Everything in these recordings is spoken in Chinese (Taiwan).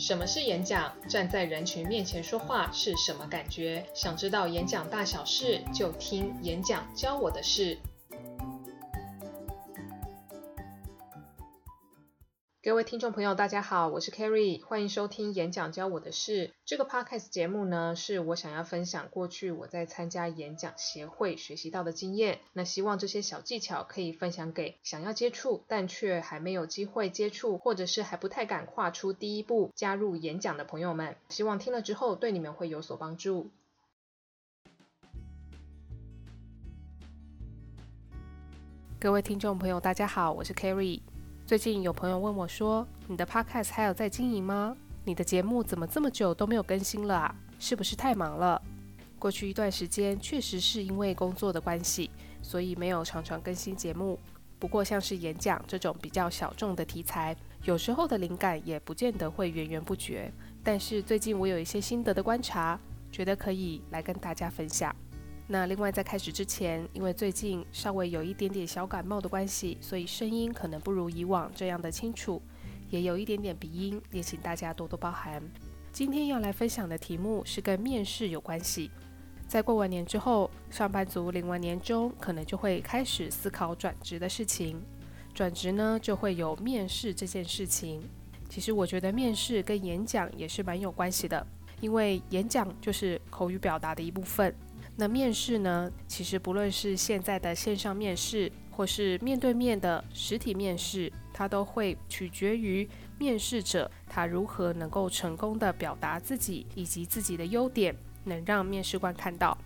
什麼是演講？站在人群面前說話是什麼感覺？想知道演講大小事，就聽《演講教我的事》。各位聽眾朋友，大家好，我是 Kerry，歡迎收聽《演講教我的事》。這個 Podcast 節目呢，是我想要分享過去我在參加演講協會學習到的經驗。那希望這些小技巧可以分享給想要接觸，但卻還沒有機會接觸，或者是還不太敢跨出第一步加入演講的朋友們。希望聽了之後對你們會有所幫助。各位聽眾朋友，大家好，我是 Kerry。最近有朋友問我說，說你的 podcast 還有在經營嗎？你的節目怎麼這麼久都沒有更新了啊？是不是太忙了？過去一段時間確實是因為工作的關係，所以沒有常常更新節目。不過像是演講這種比較小眾的題材，有時候的靈感也不見得會源源不絕。但是最近我有一些心得的觀察，覺得可以來跟大家分享。那另外，在開始之前，因為最近稍微有一點點小感冒的關係，所以聲音可能不如以往這樣的清楚，也有一點點鼻音，也請大家多多包涵。今天要來分享的題目是跟面試有關係。在過完年之後，上班族領完年終，可能就會開始思考轉職的事情。轉職呢，就會有面試這件事情。其實我覺得面試跟演講也是蠻有關係的，因為演講就是口語表達的一部分。那面試呢？其實不論是現在的線上面試，或是面對面的實體面試，它都會取決於面試者他如何能夠成功地表達自己以及自己的優點，能讓面試官看到。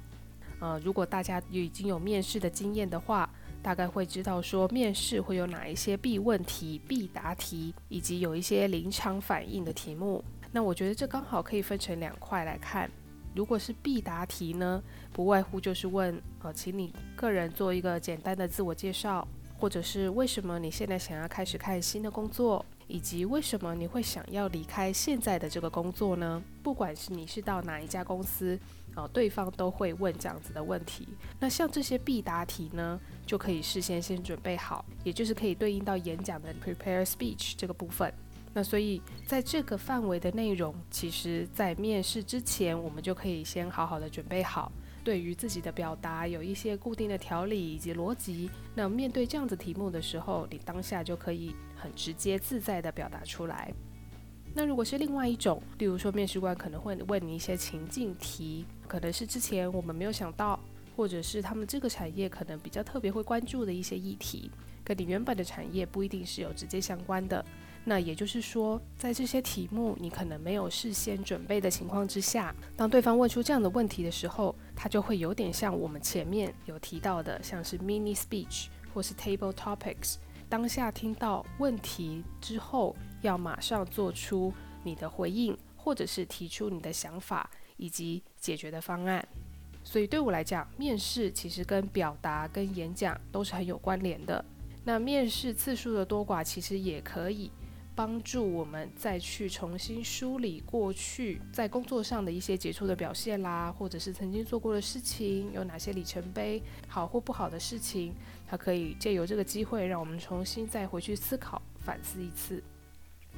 呃，如果大家已經有面試的經驗的話，大概會知道說面試會有哪一些必問題、必答題，以及有一些臨場反應的題目。那我覺得這剛好可以分成兩塊來看。如果是必答題呢，不外乎就是問，呃，請你個人做一個簡單的自我介紹，或者是為什麼你現在想要開始看新的工作，以及為什麼你會想要離開現在的這個工作呢？不管是你是到哪一家公司，哦，對方都會問這樣子的問題。那像這些必答題呢，就可以事先先準備好，也就是可以對應到演講的 prepared speech 這個部分。那所以，在這個範圍的內容，其實，在面試之前，我們就可以先好好的準備好，對於自己的表達有一些固定的條理以及邏輯。那面對這樣子題目的時候，你當下就可以很直接、自在的表達出來。那如果是另外一種，例如說面試官可能會問你一些情境題，可能是之前我們沒有想到，或者是他們這個產業可能比較特別會關注的一些議題，跟你原本的產業不一定是有直接相關的。那也就是說，在這些題目你可能沒有事先準備的情況之下，當對方問出這樣的問題的時候，他就會有點像我們前面有提到的，像是 mini speech 或是 table topics，當下聽到問題之後，要馬上做出你的回應，或者是提出你的想法以及解決的方案。所以對我來講，面試其實跟表達跟演講都是很有關聯的。那面試次數的多寡其實也可以。幫助我們再去重新梳理過去在工作上的一些傑出的表現啦，或者是曾經做過的事情，有哪些里程碑，好或不好的事情，它可以借由這個機會讓我們重新再回去思考反思一次。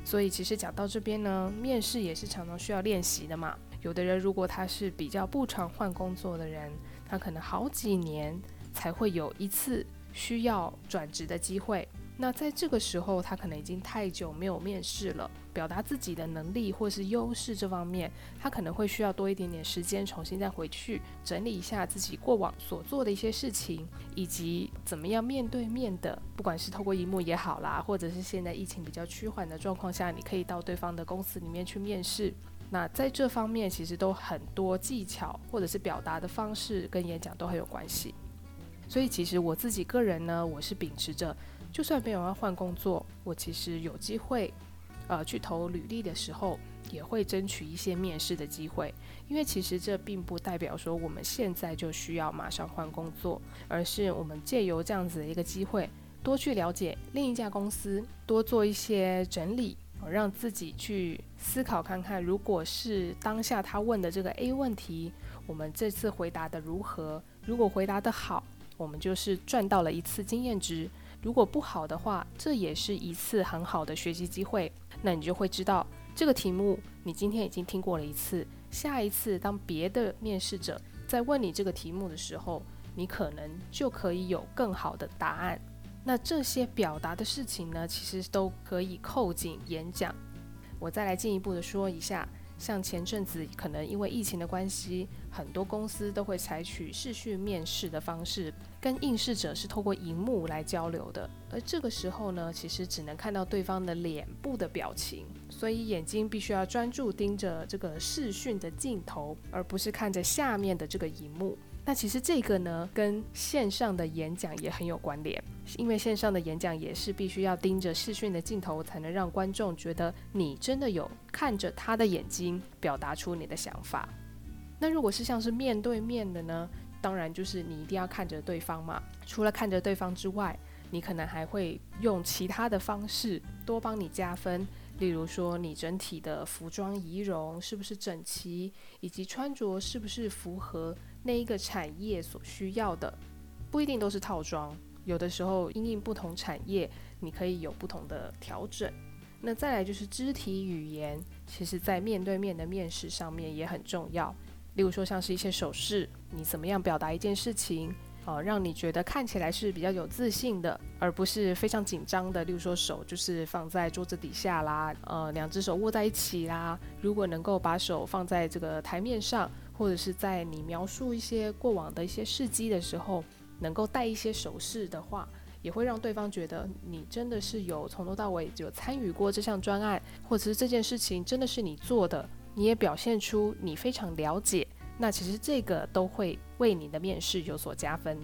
所以其實講到這邊呢，面試也是常常需要練習的嘛。有的人如果他是比較不常換工作的人，他可能好幾年才會有一次需要轉職的機會。那在這個時候，他可能已經太久沒有面試了，表達自己的能力或是優勢這方面，他可能會需要多一點點時間，重新再回去整理一下自己過往所做的一些事情，以及怎麼樣面對面的，不管是透過螢幕也好啦，或者是現在疫情比較趨緩的狀況下，你可以到對方的公司裡面去面試。那在這方面，其實都很多技巧，或者是表達的方式跟演講都很有關係。所以，其實我自己個人呢，我是秉持着。就算沒有要換工作，我其實有機會，呃，去投履歷的時候，也會爭取一些面試的機會。因為其實這並不代表說我們現在就需要馬上換工作，而是我們借由這樣子的一個機會，多去了解另一家公司，多做一些整理，讓自己去思考看看，如果是當下他問的這個 A 問題，我們這次回答的如何？如果回答的好，我們就是賺到了一次經驗值。如果不好的話，這也是一次很好的學習機會。那你就會知道，這個題目你今天已經聽過了一次，下一次當別的面試者在問你這個題目的時候，你可能就可以有更好的答案。那這些表達的事情呢，其實都可以扣緊演講。我再來進一步的說一下。像前陣子，可能因為疫情的關係，很多公司都會採取視訊面試的方式，跟應試者是透過熒幕來交流的。而這個時候呢，其實只能看到對方的臉部的表情，所以眼睛必須要專注盯着這個視訊的鏡頭，而不是看着下面的這個熒幕。那其實這個呢，跟線上的演講也很有關聯，因為線上的演講也是必須要盯着視訊的鏡頭，才能讓觀眾覺得你真的有看着他的眼睛，表達出你的想法。那如果是像是面對面的呢，當然就是你一定要看着對方嘛。除了看着對方之外，你可能還會用其他的方式多幫你加分。例如說，你整體的服裝儀容是不是整齊，以及穿着是不是符合那一個產業所需要的，不一定都是套裝。有的時候，因應不同產業，你可以有不同的調整。那再來就是肢體語言，其實在面對面的面試上面也很重要。例如說，像是一些手勢，你怎麼樣表達一件事情。呃、嗯，讓你覺得看起來是比較有自信的，而不是非常緊張的。例如說，手就是放在桌子底下啦，呃，兩隻手握在一起啦。如果能夠把手放在這個台面上，或者是在你描述一些過往的一些事蹟的時候，能夠帶一些手勢的話，也會讓對方覺得你真的是有從頭到尾有參與過這項專案，或者是這件事情真的是你做的，你也表現出你非常了解。那其實這個都會。為你的面試有所加分。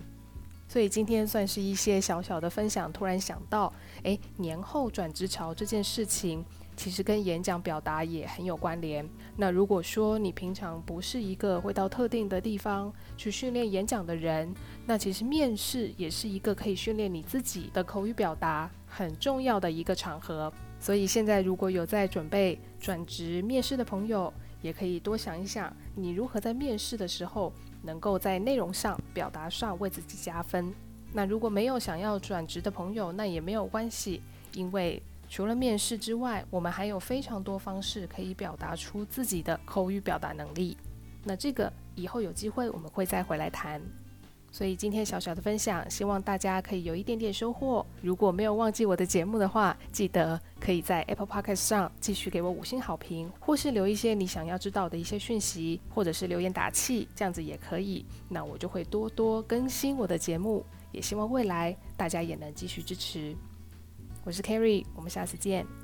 所以今天算是一些小小的分享，突然想到，哎，年後轉職潮這件事情，其實跟演講表達也很有關聯。那如果說你平常不是一個會到特定的地方去訓練演講的人，那其實面試也是一個可以訓練你自己的口語表達很重要的一個場合。所以現在如果有在準備轉職面試的朋友，也可以多想一想，你如何在面試的時候。能夠在內容上、表達上為自己加分。那如果沒有想要轉職的朋友，那也沒有關係，因為除了面試之外，我們還有非常多方式可以表達出自己的口語表達能力。那這個以後有機會我們會再回來談。所以今天小小的分享，希望大家可以有一點點收穫。如果沒有忘記我的節目的話，記得可以在 Apple Podcast 上繼續給我五星好評，或是留一些你想要知道的一些訊息，或者是留言打氣，這樣子也可以。那我就會多多更新我的節目，也希望未來大家也能繼續支持。我是 Carrie，我們下次見。